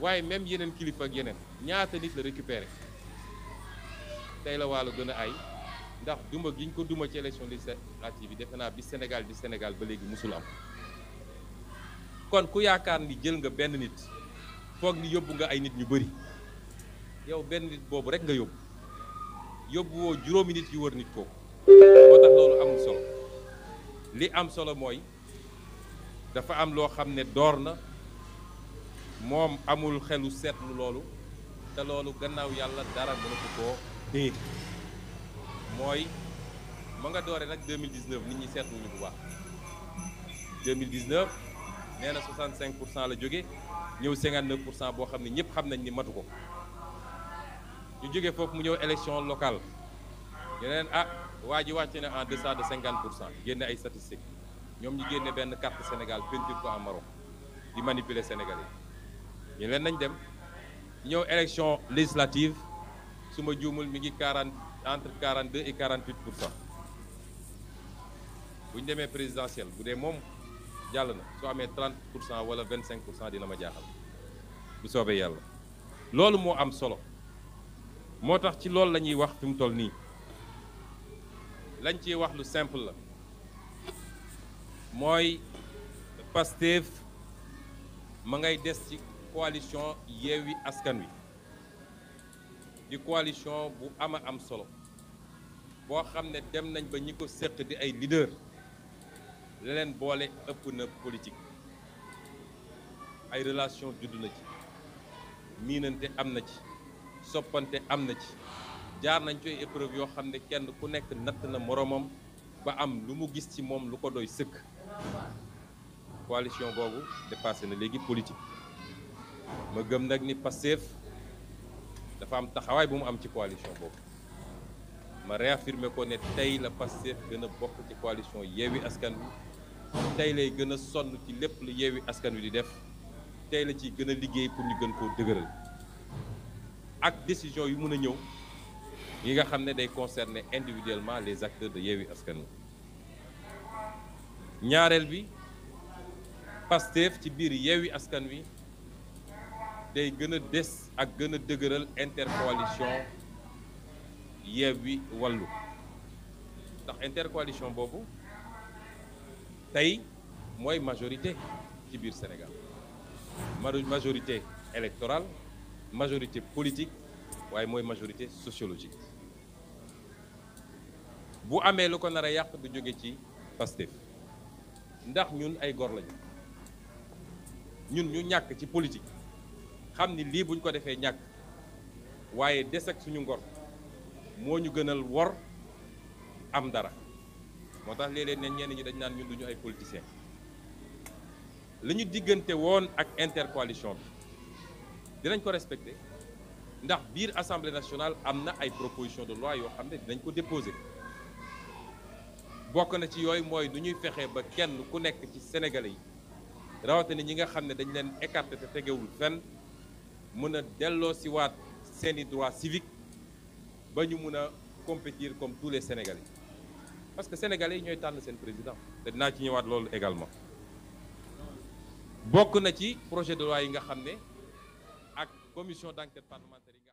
waaye même yeneen kilifa ak yeneen ñaata nit la récupéré tey la waalo gën a ay ndax duma gi ñu ko duma ci élection législative yi defe naa bi Sénégal di Sénégal ba léegi musul am kon ku yaakaar ni jël nga benn nit foog ni yóbbu nga ay nit ñu bari yow benn nit boobu rek nga yóbbu yóbbu woo juróomi nit yu wër nit kooku moo tax loolu amul solo li am solo mooy dafa am loo xam ne door na moom amul xelu seetlu loolu te loolu gannaaw yàlla dara mënu ko koo mooy ma nga doore nag 2019 nit ñi seetluñu bu baax 2019 nee na 65 pour cent la jóge ñëw 59 pour cent boo xam ne ñëpp xam nañ ni matu ko ñu jóge foofu mu ñëw élection local ñu neen ah waa ji wàcc na en deçà de 50 pour cent génne ay statistiques ñoom ñu génne benn carte Sénégal peinture ko en marron di manipuler sénégal yi ñu leen nañ dem ñëw élection législative su ma juumul mi ngi 40 entre 42 et 48 pour cent bu ñu demee présidentielle bu dee moom jàll na soo amee 30 pour cent wala 25 pour cent dina ma jaaxal bu soobee yàlla loolu moo am solo moo tax ci loolu la ñuy wax fi mu toll nii lañ ci wax lu simple la mooy Pastef ma ngay des ci coalition Yewwi Askan Wi di coalition bu ama am solo boo xam ne dem nañ ba ñi ko séq di ay leader leneen boole ëpp na politique ay relation judd na ci miinante am na ci soppante am na ci jaar nañ ci épreuve yoo xam ne kenn ku nekk natt na moroomam ba am lu mu gis ci moom lu ko doy sëkk coalition boobu dépassé na léegi politique ma gëm nag ni Pastef dafa am taxawaay bu mu am ci coalition boobu ma réaffirmer ko ne tey la Pastef gën a bokk ci coalition Yewwi Askan Wi tey lay gën a sonn ci lépp lu Yewwi Askan Wi di def tey la ci gën a liggéey pour ñu gën koo dëgëral ak décision yu mun a ñëw yi nga xam ne day concerner individuellement les acteurs de Yewwi Askan Wi ñaareel bi Pastef ci biir Yewwi Askan Wi day gën a des ak gën a dëgëral intercoalition Yewwi Wallu ndax intercoalition boobu tey mooy majorité ci biir Sénégal majorité électorale majorité politique waaye mooy majorité sociologique bu amee lu ko nar yàq du jóge ci Pastef ndax ñun ay gor lañu ñun ñu ñàkk ci politique xam ni lii buñ ko defee ñàkk waaye des ak suñu ngor moo ñu gënal wor am dara moo tax léeg-léeg ne ñenn ñi dañ naan ñun duñu ay politiciens li ñu diggante woon ak intercoalition bi dinañ ko respecté ndax biir assemblée nationale am na ay proposition de loi yoo xam ne dinañ ko déposé bokk na ci yooyu mooy nu ñuy fexee ba kenn ku nekk ci sénégalais yi rawatina ñi nga xam ne dañ leen écarté te tegewul fenn mën a delloo si waat seeni droit civique ba ñu mun a compétir comme tous les yi parce que sénégalais yi ñooy tànn seen président te dinaa ci ñëwaat loolu également bokk na ci projet de loi yi nga xam ne ak commission d'enquête parlementaire